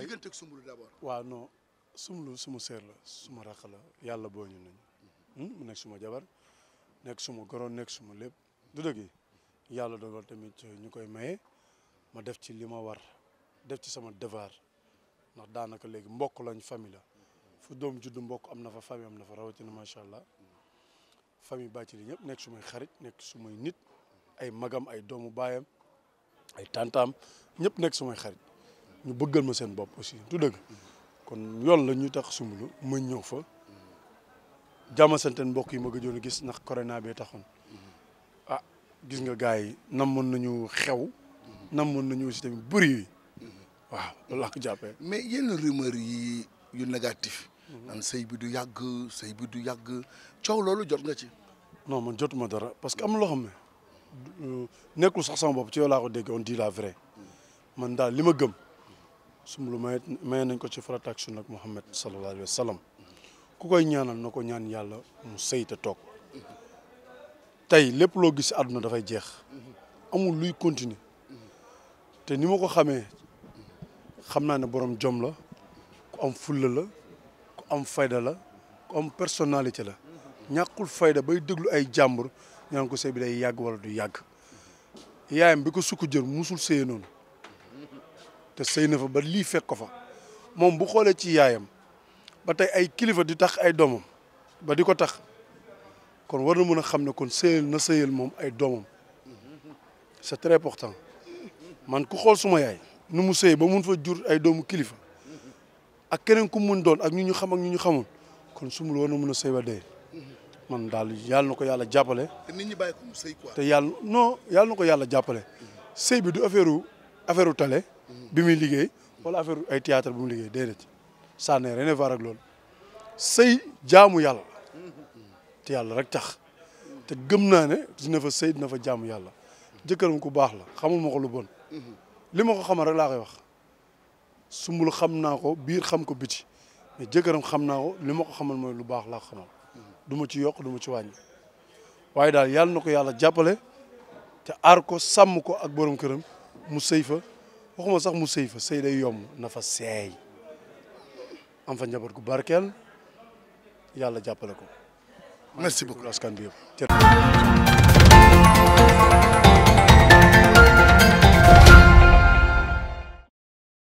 waaw digganteeg Soumboulou d'abord. waaw non Soumboulou suma sœur la suma rakk la yàlla boo ñu nañu. Hmm, mu nekk suma jabar nekk suma goro nekk suma lépp du dëgg yàlla dogal tamit ñu koy mayee ma def ci li ma war def ci sama devoir ndax daanaka léegi mbokk lañ famille la fu doom juddu mbokk am na fa famille am na fa rawatina macha allah famille bàcci li ñëpp nekk sumay xarit nekk sumay nit ay magam ay doomu baayam ay tantaam ñëpp nekk sumay xarit. ñu bëggal ma seen bop aussi deug kon yoll la ñu tax sumbulu ma ñëw fa jàmm nak mbokk yi ma gëjoon gis nak corona bi taxoon ah gis nga gaay yi namoon nañu xew namoon nañu aussi tamit bëri waaw loolu ko mais yeen rumeur yi yu négatif nan sey bi du yàgg sey bi du yàgg ciow loolu jot nga ci non man jotuma dara parce que am lo xamé euh, nekul sax sama bop ci yow la ko dégg on dit la vrai man dal lima gëm sumbulu may maye nañ ko ci farata ak sunna Muhammad sallallahu alayhi ku koy ñaanal na ko ñaan yàlla mu sëy te toog tey lépp loo gis àdduna dafay jeex amul luy continuer te ni ma ko xamee xam naa ne borom jom la ku am fulla la ku am fayda la ku am personnalité la ñàkkul fayda bay déglu ay jàmbur ñaan ko sëy day yàgg wala du yàgg yaayam bi ko sukk jër musul sëye noonu te sey na fa ba lii fekk ko fa moom bu xoolee ci yaayam ba tey ay kilifa di tax ay doomam ba di ko tax kon war na mën a xam ne kon sëyal na sëyal moom ay doomam c'est très important man ku xool suma yaay nu mu sëy ba mun fa jur ay doomu kilifa ak keneen ku mun doon ak ñu ñu xam ak ñu ñu xamul kon sumul war na mën a sëy ba dee man daal yàlla na ko yàlla jàppale. te nit ñi bàyyi ko mu sëy quoi. yàlla na ko yàlla jàppale. sey bi du affaire affaire tale. bi muy liggéey wala affaire ay théâtre bi muy liggéey déedéet ça n'a rien à voir ak loolu sëy jaamu yàlla te yàlla rek tax te gëm naa ne dina fa sëy dina fa jaamu yàlla jëkkëram ku baax la xamul ma ko lu bon li ma ko xamal rek laa koy wax sumbul xam naa ko biir xam ko biti mais jëkkëram xam naa ko li ma ko xamal mooy lu baax laa ko xamal du ci yokk du ci wàññi waaye daal yàlla na ko yàlla jàppale te aar ko sàmm ko ak borom këram mu sëy fa waxuma sax mu sëy fa sëy day yomb na fa seey am fa njaboot gu barkeel já jàppale com merci beaucoup askan bi